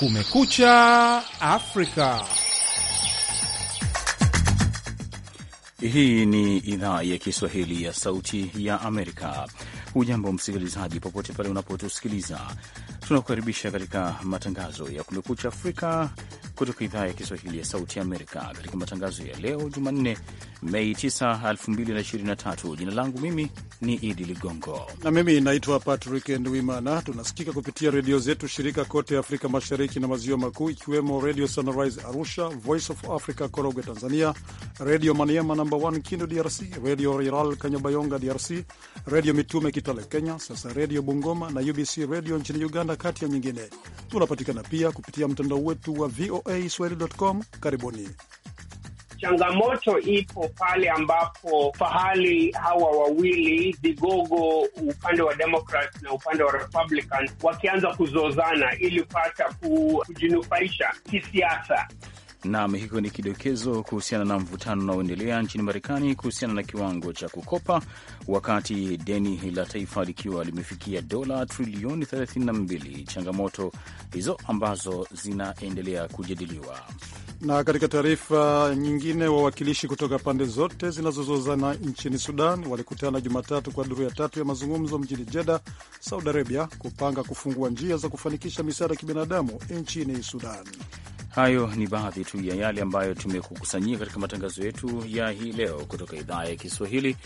Kumekucha Afrika. Hii ni idhaa ya Kiswahili ya Sauti ya Amerika. Hujambo msikilizaji, popote pale unapotusikiliza, tunakukaribisha katika matangazo ya Kumekucha Afrika kutoka idhaa ya Kiswahili ya Sauti Amerika katika matangazo ya leo Jumanne, Mei 9, 2023. Jina langu mimi ni Idi Ligongo na mimi naitwa Patrick Ndwimana. Tunasikika kupitia redio zetu shirika kote Afrika Mashariki na Maziwa Makuu, ikiwemo Redio Sunrise Arusha, Voice of Africa Korogwe Tanzania, Redio Maniema namba 1 Kindu DRC, Redio Riral Kanyabayonga DRC, Redio Mitume Kitale Kenya, sasa Redio Bungoma na UBC Redio nchini Uganda, kati ya nyingine. Tunapatikana pia kupitia mtandao wetu wa VOA VOA Swahili.com. Karibuni. Changamoto ipo pale ambapo fahali hawa wawili vigogo, upande wa Democrat na upande wa Republican, wakianza kuzozana ili pata kujinufaisha kisiasa. Nam, hiko ni kidokezo kuhusiana na mvutano unaoendelea nchini Marekani kuhusiana na kiwango cha kukopa, wakati deni la taifa likiwa limefikia dola trilioni 32. Changamoto hizo ambazo zinaendelea kujadiliwa. Na katika taarifa nyingine, wawakilishi kutoka pande zote zinazozozana nchini Sudan walikutana Jumatatu kwa duru ya tatu ya mazungumzo mjini jeda Saudi Arabia, kupanga kufungua njia za kufanikisha misaada ya kibinadamu nchini Sudan. Hayo ni baadhi tu ya yale ambayo tumekukusanyia katika matangazo yetu ya hii leo kutoka idhaa ya Kiswahili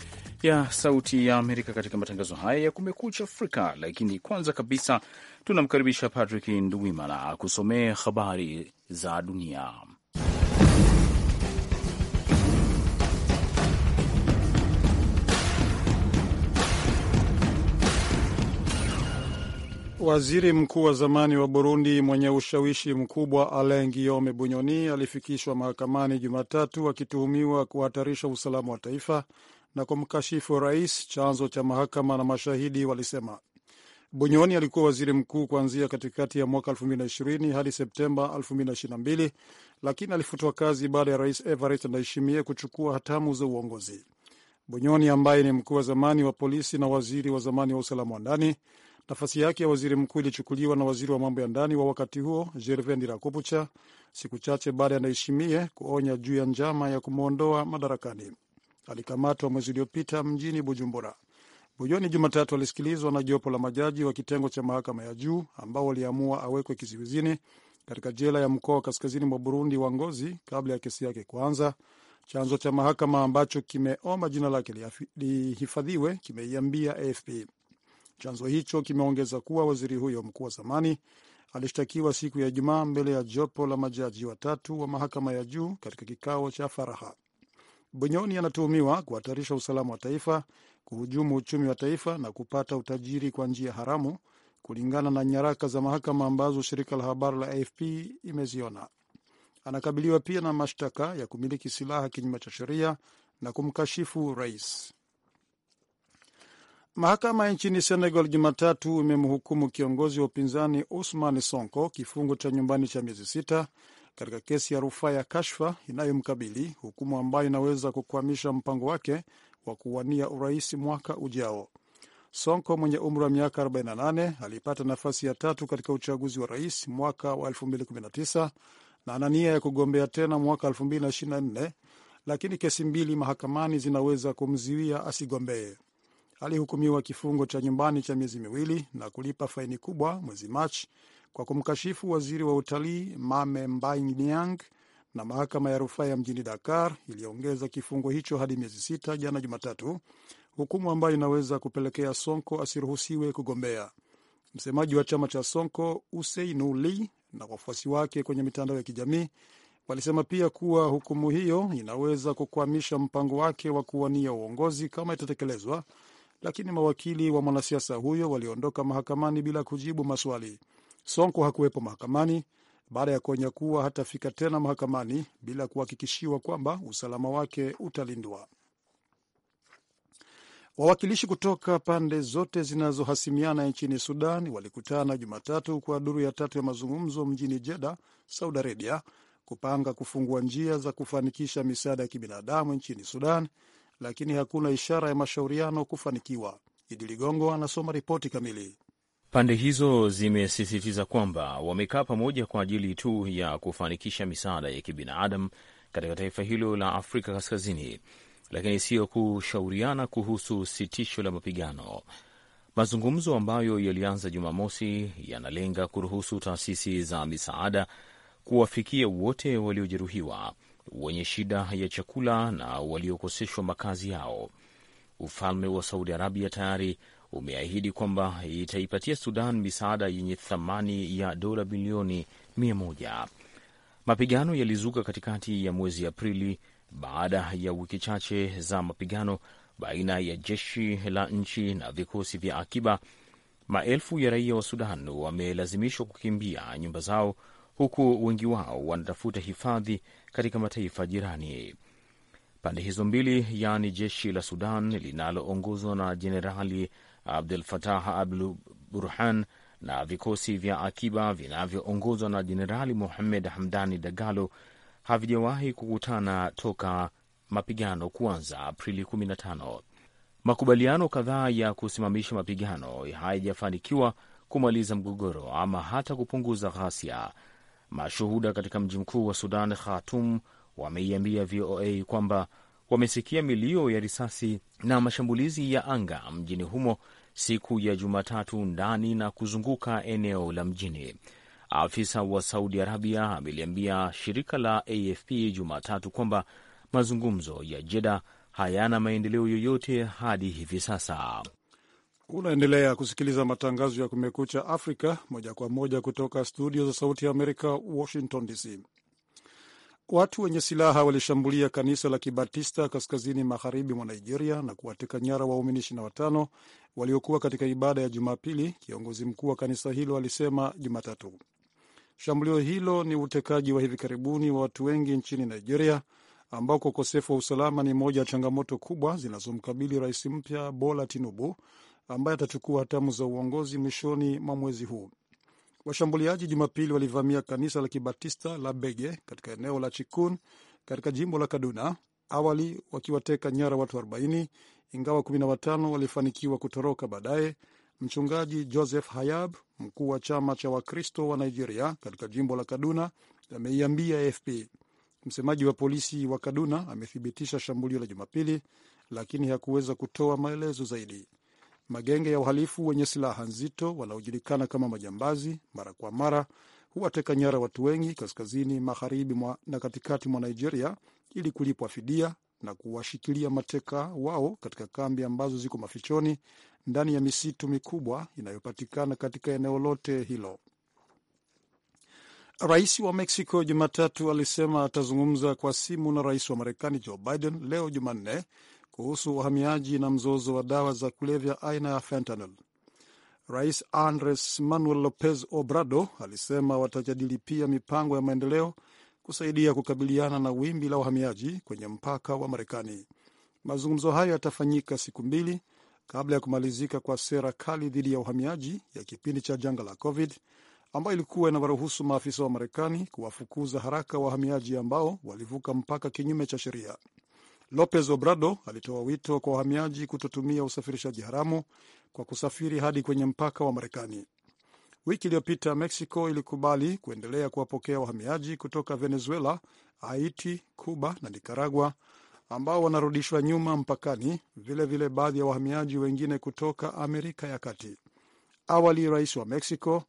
ya Sauti ya Amerika katika matangazo haya ya Kumekucha Afrika. Lakini kwanza kabisa tunamkaribisha Patrick Nduwimana akusomee habari za dunia. Waziri mkuu wa zamani wa Burundi mwenye ushawishi mkubwa Alain Guillaume Bunyoni alifikishwa mahakamani Jumatatu akituhumiwa kuhatarisha usalama wa taifa na kumkashifu rais, chanzo cha mahakama na mashahidi walisema. Bunyoni alikuwa waziri mkuu kuanzia katikati ya mwaka 2020 hadi Septemba 2022, lakini alifutwa kazi baada ya rais Evariste Ndayishimiye kuchukua hatamu za uongozi. Bunyoni ambaye ni mkuu wa zamani wa polisi na waziri wa zamani wa usalama wa ndani Nafasi yake ya waziri mkuu ilichukuliwa na waziri wa mambo ya ndani wa wakati huo Gervendi ndirakopucha siku chache baada ya Ndayishimiye kuonya juu ya njama ya kumwondoa madarakani. Alikamatwa mwezi uliopita mjini Bujumbura. Bujoni Jumatatu alisikilizwa na jopo la majaji wa kitengo cha mahakama ya juu ambao waliamua awekwe kizuizini katika jela ya mkoa wa kaskazini mwa Burundi wa Ngozi kabla ya kesi yake kuanza. Chanzo cha mahakama ambacho kimeomba jina lake lihifadhiwe kimeiambia AFP. Chanzo hicho kimeongeza kuwa waziri huyo mkuu wa zamani alishtakiwa siku ya Ijumaa mbele ya jopo la majaji watatu wa mahakama ya juu katika kikao cha faraha. Bunyoni anatuhumiwa kuhatarisha usalama wa taifa, kuhujumu uchumi wa taifa na kupata utajiri kwa njia haramu, kulingana na nyaraka za mahakama ambazo shirika la habari la AFP imeziona. Anakabiliwa pia na mashtaka ya kumiliki silaha kinyume cha sheria na kumkashifu rais. Mahakama nchini Senegal Jumatatu imemhukumu kiongozi wa upinzani usman Sonko kifungo cha nyumbani cha miezi sita katika kesi ya rufaa ya kashfa inayomkabili, hukumu ambayo inaweza kukwamisha mpango wake wa kuwania urais mwaka ujao. Sonko mwenye umri wa miaka 48 alipata nafasi ya tatu katika uchaguzi wa rais mwaka wa 2019 na ana nia ya kugombea tena mwaka 2024, lakini kesi mbili mahakamani zinaweza kumziwia asigombee alihukumiwa kifungo cha nyumbani cha miezi miwili na kulipa faini kubwa mwezi Machi kwa kumkashifu waziri wa utalii Mame Mbaye Niang, na mahakama ya rufaa ya mjini Dakar iliongeza kifungo hicho hadi miezi sita jana Jumatatu, hukumu ambayo inaweza kupelekea Sonko asiruhusiwe kugombea. Msemaji wa chama cha Sonko Useinuli na wafuasi wake kwenye mitandao ya kijamii walisema pia kuwa hukumu hiyo inaweza kukwamisha mpango wake wa kuwania uongozi kama itatekelezwa, lakini mawakili wa mwanasiasa huyo waliondoka mahakamani bila kujibu maswali. Sonko hakuwepo mahakamani baada ya kuonya kuwa hatafika tena mahakamani bila kuhakikishiwa kwamba usalama wake utalindwa. Wawakilishi kutoka pande zote zinazohasimiana nchini Sudan walikutana Jumatatu kwa duru ya tatu ya mazungumzo mjini Jeddah, Saudi Arabia, kupanga kufungua njia za kufanikisha misaada ya kibinadamu nchini Sudan lakini hakuna ishara ya mashauriano kufanikiwa. Idi Ligongo anasoma ripoti kamili. Pande hizo zimesisitiza kwamba wamekaa pamoja kwa ajili tu ya kufanikisha misaada ya kibinadamu katika taifa hilo la Afrika Kaskazini, lakini siyo kushauriana kuhusu sitisho la mapigano. Mazungumzo ambayo yalianza Jumamosi yanalenga kuruhusu taasisi za misaada kuwafikia wote waliojeruhiwa wenye shida ya chakula na waliokoseshwa makazi yao. Ufalme wa Saudi Arabia tayari umeahidi kwamba itaipatia Sudan misaada yenye thamani ya dola bilioni mia moja. Mapigano yalizuka katikati ya mwezi Aprili baada ya wiki chache za mapigano baina ya jeshi la nchi na vikosi vya akiba. Maelfu ya raia wa Sudan wamelazimishwa kukimbia nyumba zao, huku wengi wao wanatafuta hifadhi katika mataifa jirani. Pande hizo mbili, yaani jeshi la Sudan linaloongozwa na Jenerali Abdul Fatah Abdul Burhan na vikosi vya akiba vinavyoongozwa na Jenerali Muhamed Hamdani Dagalo havijawahi kukutana toka mapigano kuanza Aprili 15. Makubaliano kadhaa ya kusimamisha mapigano hayajafanikiwa kumaliza mgogoro ama hata kupunguza ghasia, Mashuhuda katika mji mkuu wa Sudan, Khartoum, wameiambia VOA kwamba wamesikia milio ya risasi na mashambulizi ya anga mjini humo siku ya Jumatatu ndani na kuzunguka eneo la mjini. Afisa wa Saudi Arabia ameliambia shirika la AFP Jumatatu kwamba mazungumzo ya Jeda hayana maendeleo yoyote hadi hivi sasa. Unaendelea kusikiliza matangazo ya Kumekucha Afrika moja kwa moja kutoka studio za Sauti ya Amerika, Washington DC. Watu wenye silaha walishambulia kanisa la Kibatista kaskazini magharibi mwa Nigeria na kuwateka nyara waumini 25 waliokuwa katika ibada ya Jumapili, kiongozi mkuu wa kanisa hilo alisema Jumatatu. Shambulio hilo ni utekaji wa hivi karibuni wa watu wengi nchini Nigeria, ambako ukosefu wa usalama ni moja ya changamoto kubwa zinazomkabili rais mpya Bola Tinubu ambaye atachukua hatamu za uongozi mwishoni mwa mwezi huu. Washambuliaji Jumapili walivamia kanisa la Kibatista la Bege katika eneo la Chikun katika jimbo la Kaduna, awali wakiwateka nyara watu 40 ingawa 15 walifanikiwa kutoroka baadaye. Mchungaji Joseph Hayab, mkuu wa chama cha Wakristo wa Nigeria katika jimbo la Kaduna, ameiambia AFP. Msemaji wa polisi wa Kaduna amethibitisha shambulio la Jumapili, lakini hakuweza kutoa maelezo zaidi. Magenge ya uhalifu wenye silaha nzito wanaojulikana kama majambazi, mara kwa mara huwateka nyara watu wengi kaskazini magharibi na katikati mwa Nigeria ili kulipwa fidia na kuwashikilia mateka wao katika kambi ambazo ziko mafichoni ndani ya misitu mikubwa inayopatikana katika eneo lote hilo. Rais wa Mexico Jumatatu alisema atazungumza kwa simu na rais wa Marekani Joe Biden leo Jumanne kuhusu uhamiaji na mzozo wa dawa za kulevya aina ya fentanyl. Rais Andres Manuel Lopez Obrador alisema watajadili pia mipango ya maendeleo kusaidia kukabiliana na wimbi la uhamiaji kwenye mpaka wa Marekani. Mazungumzo hayo yatafanyika siku mbili kabla ya kumalizika kwa sera kali dhidi ya uhamiaji ya kipindi cha janga la COVID ambayo ilikuwa inawaruhusu maafisa wa Marekani kuwafukuza haraka wahamiaji ambao walivuka mpaka kinyume cha sheria. Lopez Obrador alitoa wito kwa wahamiaji kutotumia usafirishaji haramu kwa kusafiri hadi kwenye mpaka wa Marekani. Wiki iliyopita Mexico ilikubali kuendelea kuwapokea wahamiaji kutoka Venezuela, Haiti, Cuba na Nicaragua ambao wanarudishwa nyuma mpakani, vilevile baadhi ya wahamiaji wengine kutoka Amerika ya Kati. Awali rais wa Mexico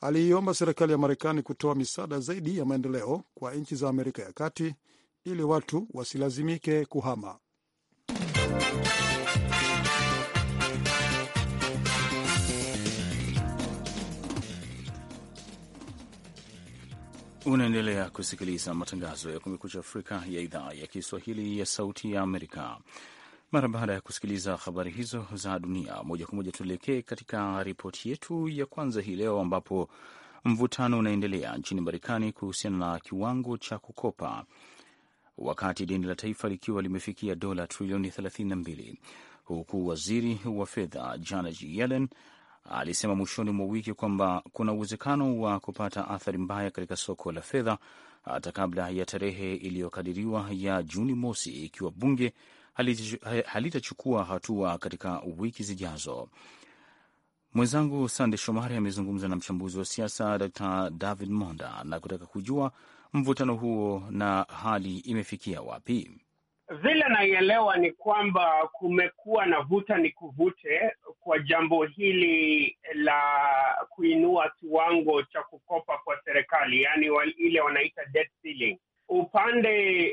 aliiomba serikali ya Marekani kutoa misaada zaidi ya maendeleo kwa nchi za Amerika ya Kati ili watu wasilazimike kuhama. Unaendelea kusikiliza matangazo ya Kumekucha Afrika ya idhaa ya Kiswahili ya Sauti ya Amerika. Mara baada ya kusikiliza habari hizo za dunia, moja kwa moja tuelekee katika ripoti yetu ya kwanza hii leo, ambapo mvutano unaendelea nchini Marekani kuhusiana na kiwango cha kukopa wakati deni la taifa likiwa limefikia dola trilioni 32, huku waziri wa fedha Janet Yellen alisema mwishoni mwa wiki kwamba kuna uwezekano wa kupata athari mbaya katika soko la fedha hata kabla ya tarehe iliyokadiriwa ya Juni mosi ikiwa bunge halitachukua hatua katika wiki zijazo. Mwenzangu Sande Shomari amezungumza na mchambuzi wa siasa Dr David Monda na kutaka kujua mvutano huo na hali imefikia wapi? Vile naielewa ni kwamba kumekuwa na vuta ni kuvute kwa jambo hili la kuinua kiwango cha kukopa kwa serikali, yaani ile wanaita debt ceiling. Upande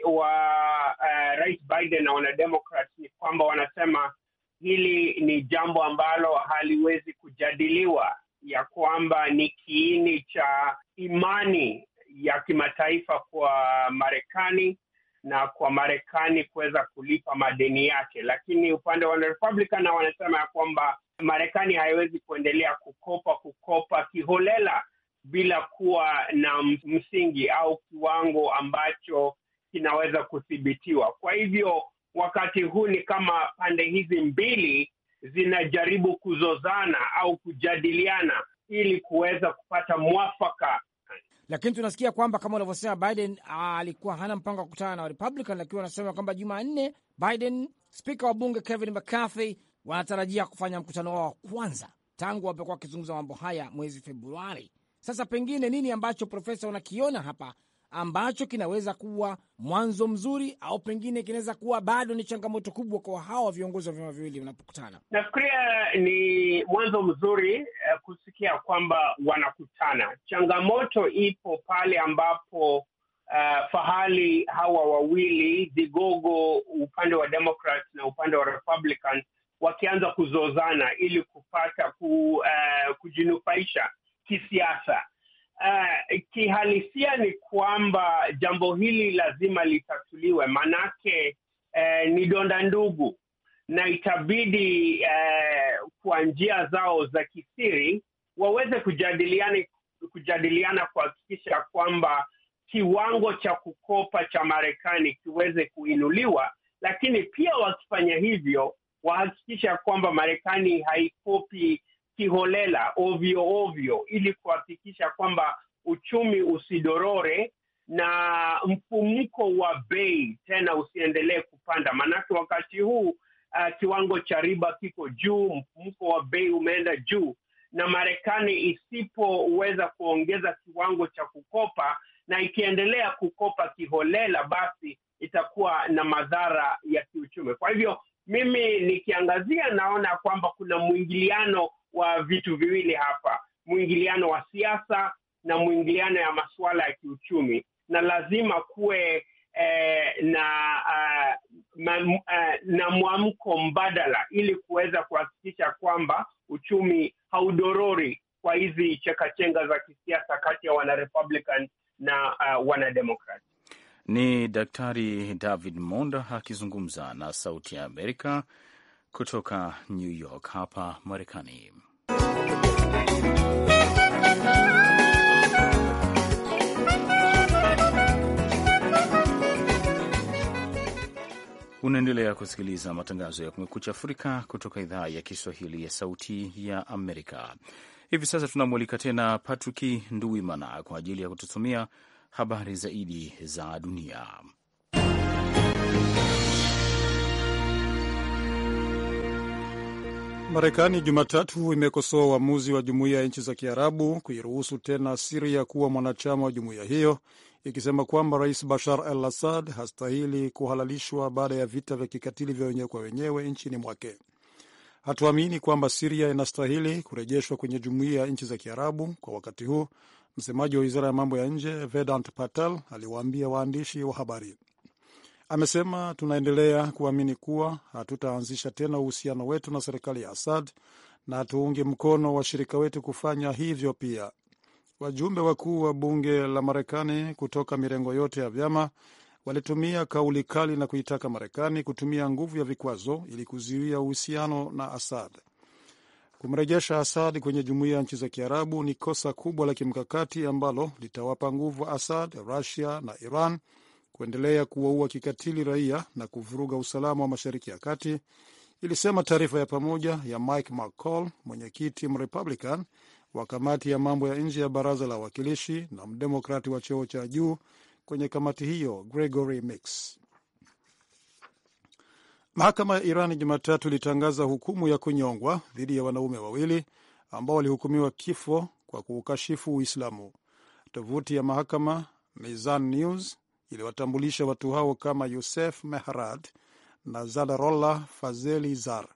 wanaweza kulipa madeni yake, lakini upande wa Republican wanasema ya kwamba Marekani haiwezi kuendelea kukopa kukopa kiholela bila kuwa na msingi au kiwango ambacho kinaweza kuthibitiwa. Kwa hivyo wakati huu ni kama pande hizi mbili zinajaribu kuzozana au kujadiliana ili kuweza kupata mwafaka lakini tunasikia kwamba kama unavyosema Biden ah, alikuwa hana mpango wa kukutana na Warepublican, lakini wanasema kwamba Jumanne Biden, spika wa bunge Kevin McCarthy wanatarajia kufanya mkutano wao wa kwanza tangu wamekuwa wakizungumza mambo haya mwezi Februari. Sasa pengine nini ambacho profesa unakiona hapa ambacho kinaweza kuwa mwanzo mzuri au pengine kinaweza kuwa bado ni changamoto kubwa kwa hawa viongozi wa vyama viwili wanapokutana? Nafikiria ni mwanzo mzuri eh, kusikia kwamba wanakutana. Changamoto ipo pale ambapo uh, fahali hawa wawili vigogo, upande wa Democrat na upande wa Republican wakianza kuzozana ili kupata ku, uh, kujinufaisha kisiasa uh, kihalisia ni kwamba jambo hili lazima litatuliwe, manake uh, ni donda ndugu na itabidi uh, kwa njia zao za kisiri waweze kujadiliana kujadiliana kuhakikisha kwamba kiwango cha kukopa cha Marekani kiweze kuinuliwa, lakini pia wakifanya hivyo wahakikisha kwamba Marekani haikopi kiholela ovyo ovyo, ili kuhakikisha kwamba uchumi usidorore na mfumuko wa bei tena usiendelee kupanda, maanake wakati huu uh, kiwango cha riba kiko juu, mfumuko wa bei umeenda juu, na Marekani isipoweza kuongeza kiwango cha kukopa na ikiendelea kukopa kiholela, basi itakuwa na madhara ya kiuchumi. Kwa hivyo mimi nikiangazia, naona kwamba kuna mwingiliano wa vitu viwili hapa, mwingiliano wa siasa na mwingiliano ya masuala ya kiuchumi, na lazima kuwe eh, na uh, ma, uh, na mwamko mbadala ili kuweza kuhakikisha kwamba uchumi haudorori kwa hizi chekachenga za kisiasa kati ya wanarepublican na uh, wanademokrat. Ni Daktari David Monda akizungumza na Sauti ya Amerika kutoka New York hapa Marekani. Unaendelea kusikiliza matangazo ya Kumekucha Afrika kutoka idhaa ya Kiswahili ya Sauti ya Amerika. Hivi sasa tunamwalika tena Patrick Nduwimana kwa ajili ya kutusomea habari zaidi za dunia. Marekani Jumatatu imekosoa uamuzi wa jumuiya ya nchi za Kiarabu kuiruhusu tena Siria kuwa mwanachama wa jumuiya hiyo ikisema kwamba Rais Bashar al Assad hastahili kuhalalishwa baada ya vita vya kikatili vya wenyewe kwa wenyewe nchini mwake. Hatuamini kwamba Siria inastahili kurejeshwa kwenye jumuiya ya nchi za Kiarabu kwa wakati huu, msemaji wa wizara ya mambo ya nje Vedant Patel aliwaambia waandishi wa habari. Amesema tunaendelea kuamini kuwa hatutaanzisha tena uhusiano wetu na serikali ya Assad na tuunge mkono washirika wetu kufanya hivyo pia. Wajumbe wakuu wa bunge la Marekani kutoka mirengo yote ya vyama walitumia kauli kali na kuitaka Marekani kutumia nguvu ya vikwazo ili kuzuia uhusiano na Assad. Kumrejesha Assad kwenye jumuiya ya nchi za Kiarabu ni kosa kubwa la kimkakati ambalo litawapa nguvu Assad, Rusia na Iran kuendelea kuwaua kikatili raia na kuvuruga usalama wa Mashariki ya Kati, ilisema taarifa ya pamoja ya Mike McCall, mwenyekiti Mrepublican wa kamati ya mambo ya nje ya baraza la wawakilishi na mdemokrati wa cheo cha juu kwenye kamati hiyo Gregory Mix. Mahakama ya Iran Jumatatu ilitangaza hukumu ya kunyongwa dhidi ya wanaume wawili ambao walihukumiwa kifo kwa kuukashifu Uislamu. Tovuti ya mahakama Mizan News iliwatambulisha watu hao kama Yusef Mehrad na Zalarola Fazeli Zar.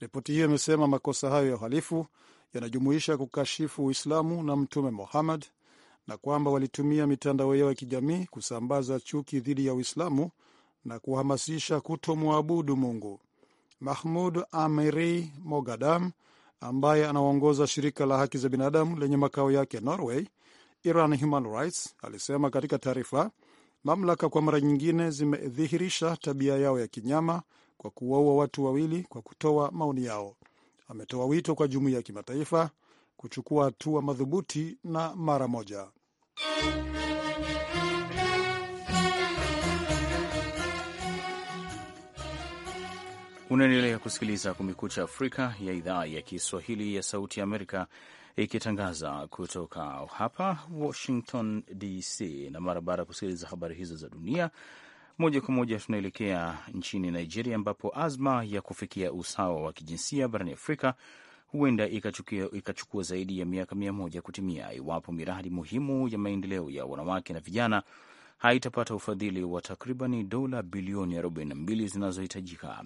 Ripoti hiyo imesema makosa hayo ya uhalifu yanajumuisha kukashifu Uislamu na Mtume Muhammad na kwamba walitumia mitandao yao ya kijamii kusambaza chuki dhidi ya Uislamu na kuhamasisha kutomwabudu Mungu. Mahmud Amiri Mogadam ambaye anaongoza shirika la haki za binadamu lenye makao yake Norway, Iran Human Rights, alisema katika taarifa Mamlaka kwa mara nyingine zimedhihirisha tabia yao ya kinyama kwa kuwaua watu wawili kwa kutoa maoni yao. Ametoa wito kwa jumuiya ya kimataifa kuchukua hatua madhubuti na mara moja. Unaendelea kusikiliza Kumekucha Afrika ya idhaa ya Kiswahili ya Sauti ya Amerika ikitangaza kutoka hapa Washington DC. Na mara baada ya kusikiliza habari hizo za dunia moja kwa moja tunaelekea nchini Nigeria, ambapo azma ya kufikia usawa wa kijinsia barani Afrika huenda ikachukua, ikachukua zaidi ya miaka mia moja kutimia iwapo miradi muhimu ya maendeleo ya wanawake na vijana haitapata ufadhili wa takribani dola bilioni 42 zinazohitajika.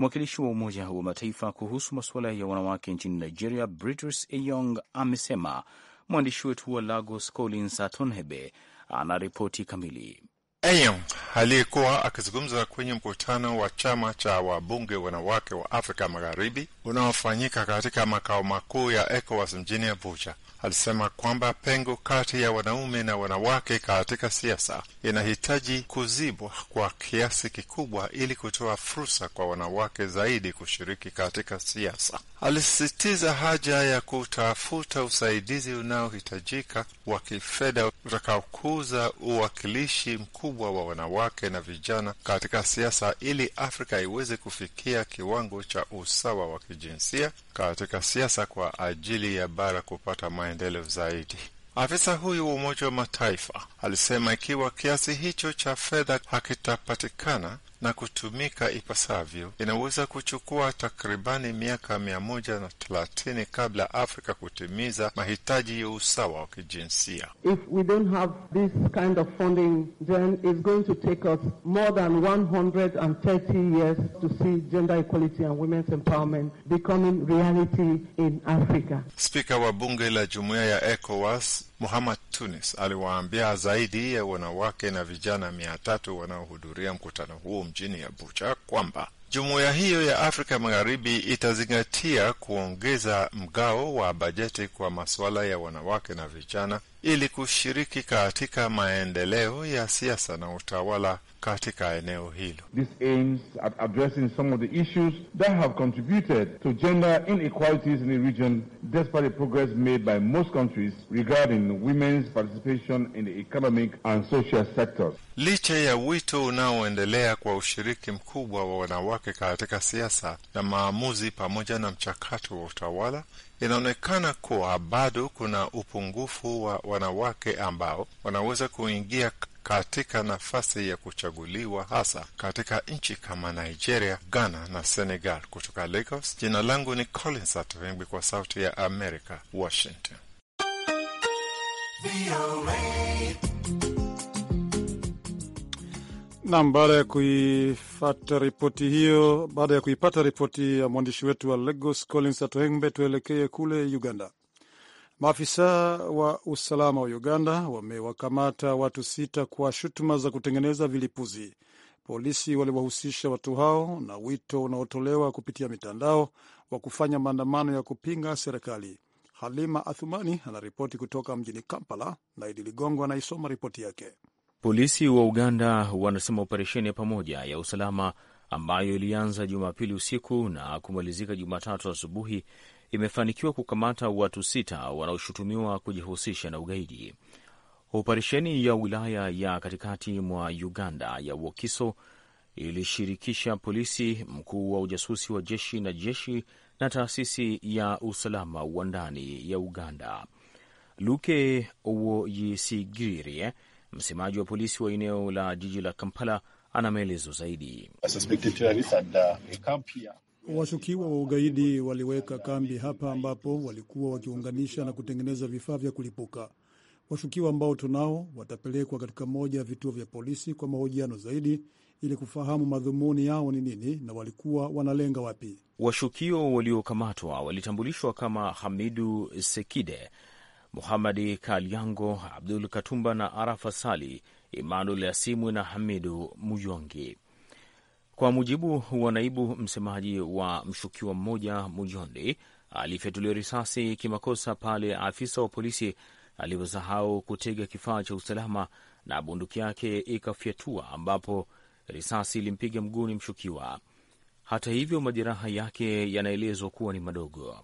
Mwakilishi wa Umoja wa Mataifa kuhusu masuala ya wanawake nchini Nigeria, British Eyong amesema mwandishi wetu wa Lagos Collins Atonhebe ana ripoti kamili. Eyong aliyekuwa akizungumza kwenye mkutano wa chama cha wabunge wanawake wa Afrika Magharibi unaofanyika katika makao makuu ya ECOWAS mjini Abuja alisema kwamba pengo kati ya wanaume na wanawake katika siasa inahitaji kuzibwa kwa kiasi kikubwa ili kutoa fursa kwa wanawake zaidi kushiriki katika siasa. Alisisitiza haja ya kutafuta usaidizi unaohitajika wa kifedha utakaokuza uwakilishi mkubwa wa wanawake na vijana katika siasa ili Afrika iweze kufikia kiwango cha usawa wa kijinsia katika siasa kwa ajili ya bara kupata maendeleo maendeleo zaidi. Afisa huyu wa Umoja wa Mataifa alisema ikiwa kiasi hicho cha fedha hakitapatikana na kutumika ipasavyo, inaweza kuchukua takribani miaka mia moja na thelathini kabla Afrika kutimiza mahitaji ya usawa wa kijinsia. If we don't have this kind of funding, then it's going to take us more than 130 years to see gender equality and women's empowerment becoming reality in Africa. Spika wa bunge la jumuiya ya ECOWAS Muhammad Tunis aliwaambia zaidi ya wanawake na vijana mia tatu wanaohudhuria mkutano huo mjini Abuja kwamba jumuiya hiyo ya Afrika Magharibi itazingatia kuongeza mgao wa bajeti kwa masuala ya wanawake na vijana ili kushiriki katika maendeleo ya siasa na utawala katika eneo hilo. This aims at addressing some of the issues that have contributed to gender inequalities in the region despite the progress made by most countries regarding women's participation in the economic and social sectors. Licha ya wito unaoendelea kwa ushiriki mkubwa wa wanawake katika siasa na maamuzi pamoja na mchakato wa utawala, inaonekana kuwa bado kuna upungufu wa wanawake ambao wanaweza kuingia katika nafasi ya kuchaguliwa hasa katika nchi kama Nigeria, Ghana na Senegal. Kutoka Lagos, jina langu ni Collins Atoengwi kwa Sauti ya America, Washington. Nam, baada ya kuifata ripoti hiyo, baada ya kuipata ripoti ya mwandishi wetu wa Lagos Collins Atoengbe, tuelekee kule Uganda. Maafisa wa usalama wa Uganda wamewakamata watu sita kwa shutuma za kutengeneza vilipuzi. Polisi waliwahusisha watu hao na wito unaotolewa kupitia mitandao wa kufanya maandamano ya kupinga serikali. Halima Athumani anaripoti kutoka mjini Kampala na Idi Ligongo anaisoma ripoti yake. Polisi wa Uganda wanasema operesheni ya pamoja ya usalama ambayo ilianza Jumapili usiku na kumalizika Jumatatu asubuhi imefanikiwa kukamata watu sita wanaoshutumiwa kujihusisha na ugaidi. Operesheni ya wilaya ya katikati mwa Uganda ya Wokiso ilishirikisha polisi, mkuu wa ujasusi wa jeshi na jeshi na taasisi ya usalama wa ndani ya Uganda. Luke Owoyesigirie, msemaji wa polisi wa eneo la jiji la Kampala, ana maelezo zaidi. Washukiwa wa ugaidi waliweka kambi hapa ambapo walikuwa wakiunganisha na kutengeneza vifaa vya kulipuka. Washukiwa ambao tunao watapelekwa katika moja ya vituo vya polisi kwa mahojiano zaidi ili kufahamu madhumuni yao ni nini na walikuwa wanalenga wapi. Washukiwa waliokamatwa walitambulishwa kama Hamidu Sekide, Muhamadi Kalyango, Abdul Katumba na Arafa Sali, Imanul Asimwe na Hamidu Muyongi. Kwa mujibu wa naibu msemaji wa mshukiwa mmoja, Mujondi alifyatuliwa risasi kimakosa pale afisa wa polisi alivyosahau kutega kifaa cha usalama na bunduki yake ikafyatua, ambapo risasi ilimpiga mguuni mshukiwa. Hata hivyo, majeraha yake yanaelezwa kuwa ni madogo.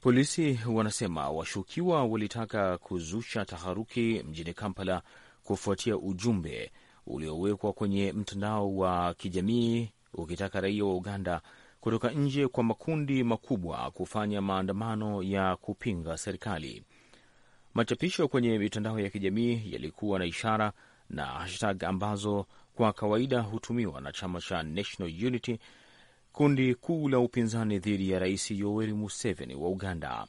Polisi wanasema washukiwa walitaka kuzusha taharuki mjini Kampala kufuatia ujumbe uliowekwa kwenye mtandao wa kijamii ukitaka raia wa Uganda kutoka nje kwa makundi makubwa kufanya maandamano ya kupinga serikali. Machapisho kwenye mitandao ya kijamii yalikuwa na ishara na hashtag ambazo kwa kawaida hutumiwa na chama cha National Unity, kundi kuu la upinzani dhidi ya Rais Yoweri Museveni wa Uganda.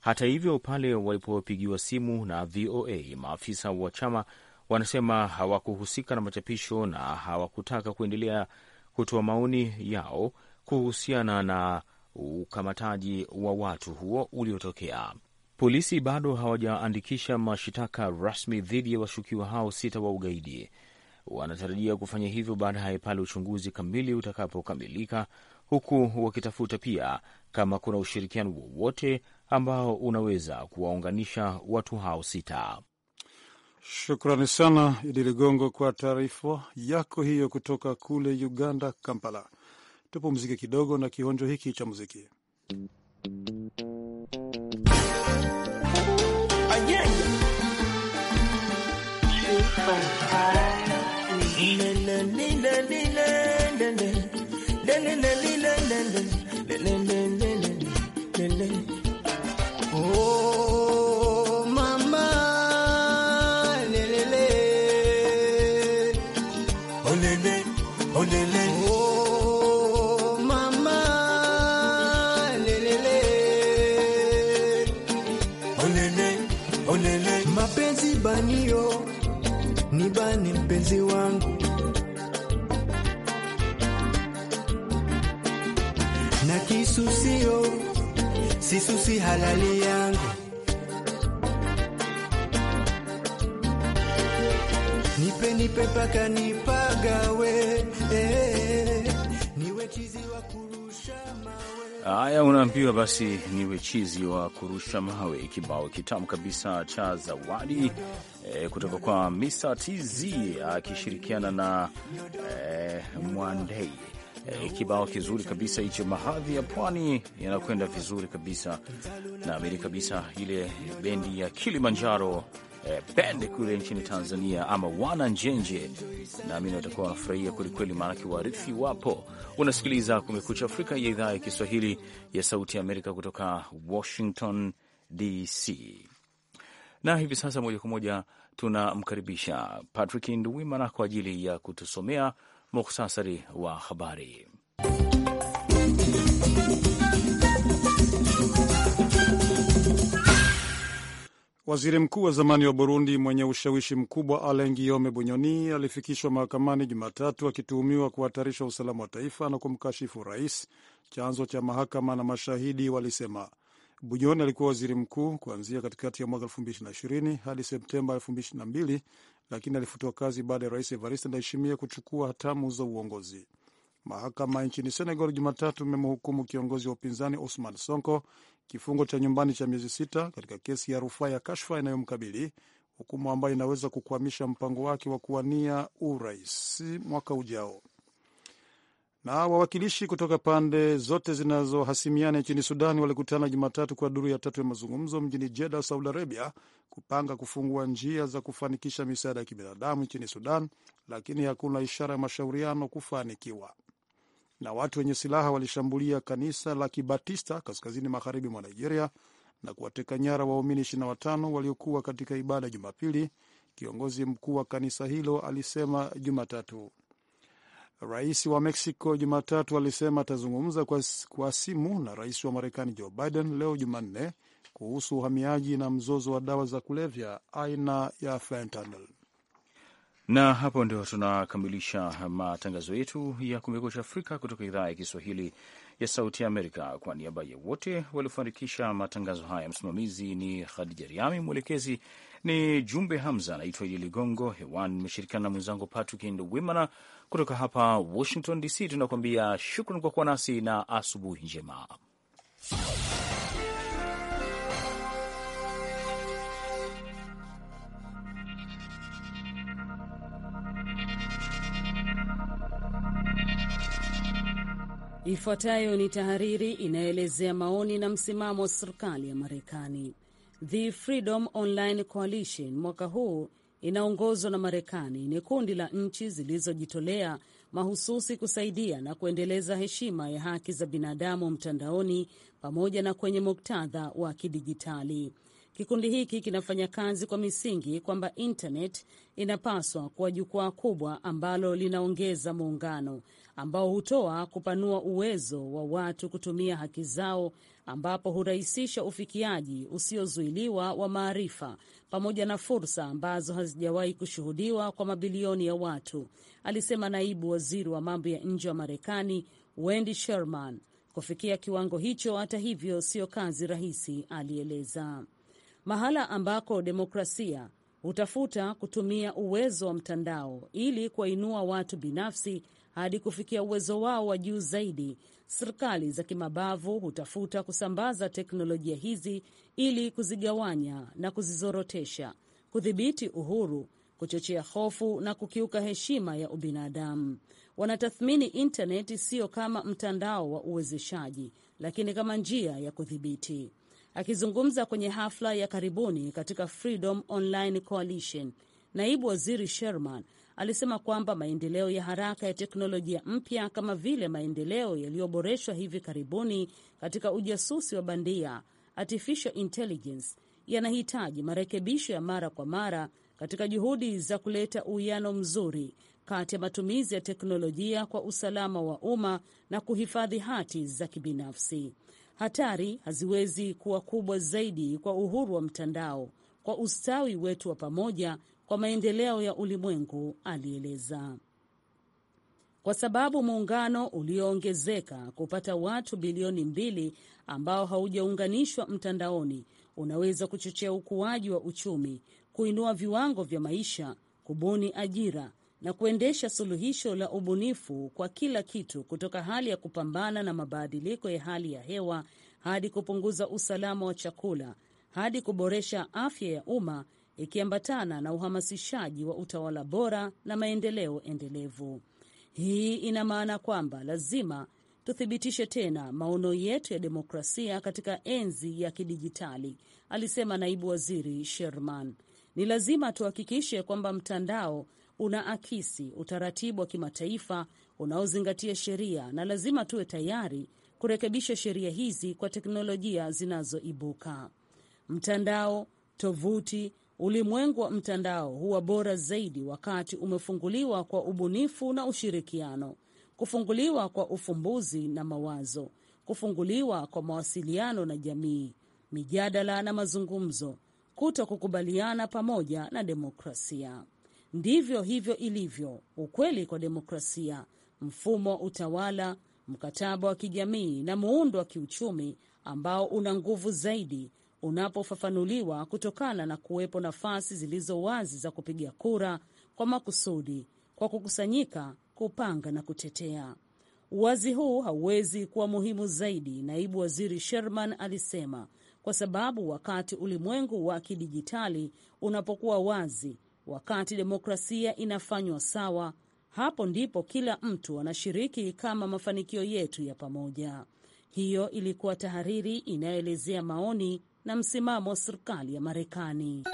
Hata hivyo, pale walipopigiwa simu na VOA, maafisa wa chama wanasema hawakuhusika na machapisho na hawakutaka kuendelea kutoa maoni yao kuhusiana na ukamataji wa watu huo uliotokea. Polisi bado hawajaandikisha mashitaka rasmi dhidi ya washukiwa hao sita wa ugaidi. Wanatarajia kufanya hivyo baadaye pale uchunguzi kamili utakapokamilika, huku wakitafuta pia kama kuna ushirikiano wowote ambao unaweza kuwaunganisha watu hao sita. Shukrani sana Idi Ligongo kwa taarifa yako hiyo kutoka kule Uganda, Kampala. Tupumzike kidogo na kionjo hiki cha muziki. nipe paka nipagawe eh, niwe chizi wa kurusha mawe. Haya, unaambiwa basi niwe chizi wa kurusha mawe, kibao kitamu kabisa cha zawadi eh, kutoka kwa Mr TZ akishirikiana na eh, Mwandei. E, kibao kizuri kabisa hicho, mahadhi ya pwani yanakwenda vizuri kabisa naamini kabisa ile bendi ya Kilimanjaro eh, pende kule nchini Tanzania ama wana njenje, naamini watakuwa wanafurahia kwelikweli, maanake warithi wapo. Unasikiliza Kumekucha Afrika ya idhaa ya Kiswahili ya Sauti ya Amerika kutoka Washington DC, na hivi sasa moja kwa moja tunamkaribisha Patrick Nduwimana kwa ajili ya kutusomea muhtasari wa habari. Waziri mkuu wa zamani wa Burundi mwenye ushawishi mkubwa Alain Guillaume Bunyoni alifikishwa mahakamani Jumatatu akituhumiwa kuhatarisha usalama wa taifa na kumkashifu rais, chanzo cha mahakama na mashahidi walisema. Bunyoni alikuwa waziri mkuu kuanzia katikati ya mwaka 2020 hadi Septemba 2022, lakini alifutwa kazi baada ya rais Evariste Ndayishimiye kuchukua hatamu za uongozi. Mahakama nchini Senegal Jumatatu imemhukumu kiongozi wa upinzani Osman Sonko kifungo cha nyumbani cha miezi sita katika kesi ya rufaa ya kashfa inayomkabili, hukumu ambayo inaweza kukwamisha mpango wake wa kuwania urais mwaka ujao. Na wawakilishi kutoka pande zote zinazohasimiana nchini Sudani walikutana Jumatatu kwa duru ya tatu ya mazungumzo mjini Jeda, Saudi Arabia, kupanga kufungua njia za kufanikisha misaada ya kibinadamu nchini Sudan, lakini hakuna ishara ya mashauriano kufanikiwa na watu wenye silaha walishambulia kanisa la Kibatista kaskazini magharibi mwa Nigeria na kuwateka nyara waumini 25 waliokuwa katika ibada Jumapili, kiongozi mkuu wa kanisa hilo alisema Jumatatu. Rais wa Mexico Jumatatu alisema atazungumza kwa, kwa simu na rais wa Marekani Joe Biden leo Jumanne kuhusu uhamiaji na mzozo wa dawa za kulevya aina ya fentanyl na hapo ndio tunakamilisha matangazo yetu ya Kumekucha Afrika kutoka idhaa ya Kiswahili ya Sauti ya Amerika. Kwa niaba ya wote waliofanikisha matangazo haya, msimamizi ni Khadija Riami, mwelekezi ni Jumbe Hamza. anaitwa Idi Ligongo hewani, nimeshirikiana na mwenzangu Patrick Ndwimana kutoka hapa Washington DC. Tunakuambia shukran kwa kuwa nasi na asubuhi njema. Ifuatayo ni tahariri inayoelezea maoni na msimamo wa serikali ya Marekani. The Freedom Online Coalition mwaka huu inaongozwa na Marekani ni kundi la nchi zilizojitolea mahususi kusaidia na kuendeleza heshima ya haki za binadamu mtandaoni pamoja na kwenye muktadha wa kidijitali. Kikundi hiki kinafanya kazi kwa misingi kwamba intanet inapaswa kuwa jukwaa kubwa ambalo linaongeza muungano, ambao hutoa kupanua uwezo wa watu kutumia haki zao, ambapo hurahisisha ufikiaji usiozuiliwa wa maarifa pamoja na fursa ambazo hazijawahi kushuhudiwa kwa mabilioni ya watu, alisema naibu waziri wa mambo ya nje wa Marekani Wendy Sherman. Kufikia kiwango hicho, hata hivyo, sio kazi rahisi, alieleza. Mahala ambako demokrasia hutafuta kutumia uwezo wa mtandao ili kuwainua watu binafsi hadi kufikia uwezo wao wa juu zaidi. Serikali za kimabavu hutafuta kusambaza teknolojia hizi ili kuzigawanya na kuzizorotesha, kudhibiti uhuru, kuchochea hofu na kukiuka heshima ya ubinadamu. Wanatathmini intaneti siyo kama mtandao wa uwezeshaji, lakini kama njia ya kudhibiti. Akizungumza kwenye hafla ya karibuni katika Freedom Online Coalition, naibu waziri Sherman alisema kwamba maendeleo ya haraka ya teknolojia mpya kama vile maendeleo yaliyoboreshwa hivi karibuni katika ujasusi wa bandia, artificial intelligence, yanahitaji marekebisho ya mara kwa mara katika juhudi za kuleta uwiano mzuri kati ya matumizi ya teknolojia kwa usalama wa umma na kuhifadhi hati za kibinafsi. Hatari haziwezi kuwa kubwa zaidi kwa uhuru wa mtandao, kwa ustawi wetu wa pamoja kwa maendeleo ya ulimwengu, alieleza. Kwa sababu muungano ulioongezeka kupata watu bilioni mbili ambao haujaunganishwa mtandaoni unaweza kuchochea ukuaji wa uchumi, kuinua viwango vya maisha, kubuni ajira na kuendesha suluhisho la ubunifu kwa kila kitu, kutoka hali ya kupambana na mabadiliko ya hali ya hewa hadi kupunguza usalama wa chakula hadi kuboresha afya ya umma ikiambatana na uhamasishaji wa utawala bora na maendeleo endelevu. Hii ina maana kwamba lazima tuthibitishe tena maono yetu ya demokrasia katika enzi ya kidijitali, alisema naibu waziri Sherman. Ni lazima tuhakikishe kwamba mtandao unaakisi utaratibu wa kimataifa unaozingatia sheria, na lazima tuwe tayari kurekebisha sheria hizi kwa teknolojia zinazoibuka. Mtandao, tovuti Ulimwengu wa mtandao huwa bora zaidi wakati umefunguliwa kwa ubunifu na ushirikiano, kufunguliwa kwa ufumbuzi na mawazo, kufunguliwa kwa mawasiliano na jamii, mijadala na mazungumzo, kuto kukubaliana pamoja na demokrasia. Ndivyo hivyo ilivyo ukweli kwa demokrasia, mfumo wa utawala, mkataba wa kijamii na muundo wa kiuchumi ambao una nguvu zaidi unapofafanuliwa kutokana na kuwepo nafasi zilizo wazi za kupiga kura kwa makusudi, kwa kukusanyika, kupanga na kutetea. Uwazi huu hauwezi kuwa muhimu zaidi, naibu waziri Sherman alisema, kwa sababu wakati ulimwengu wa kidijitali unapokuwa wazi, wakati demokrasia inafanywa sawa, hapo ndipo kila mtu anashiriki kama mafanikio yetu ya pamoja. Hiyo ilikuwa tahariri inayoelezea maoni na msimamo wa serikali ya Marekani.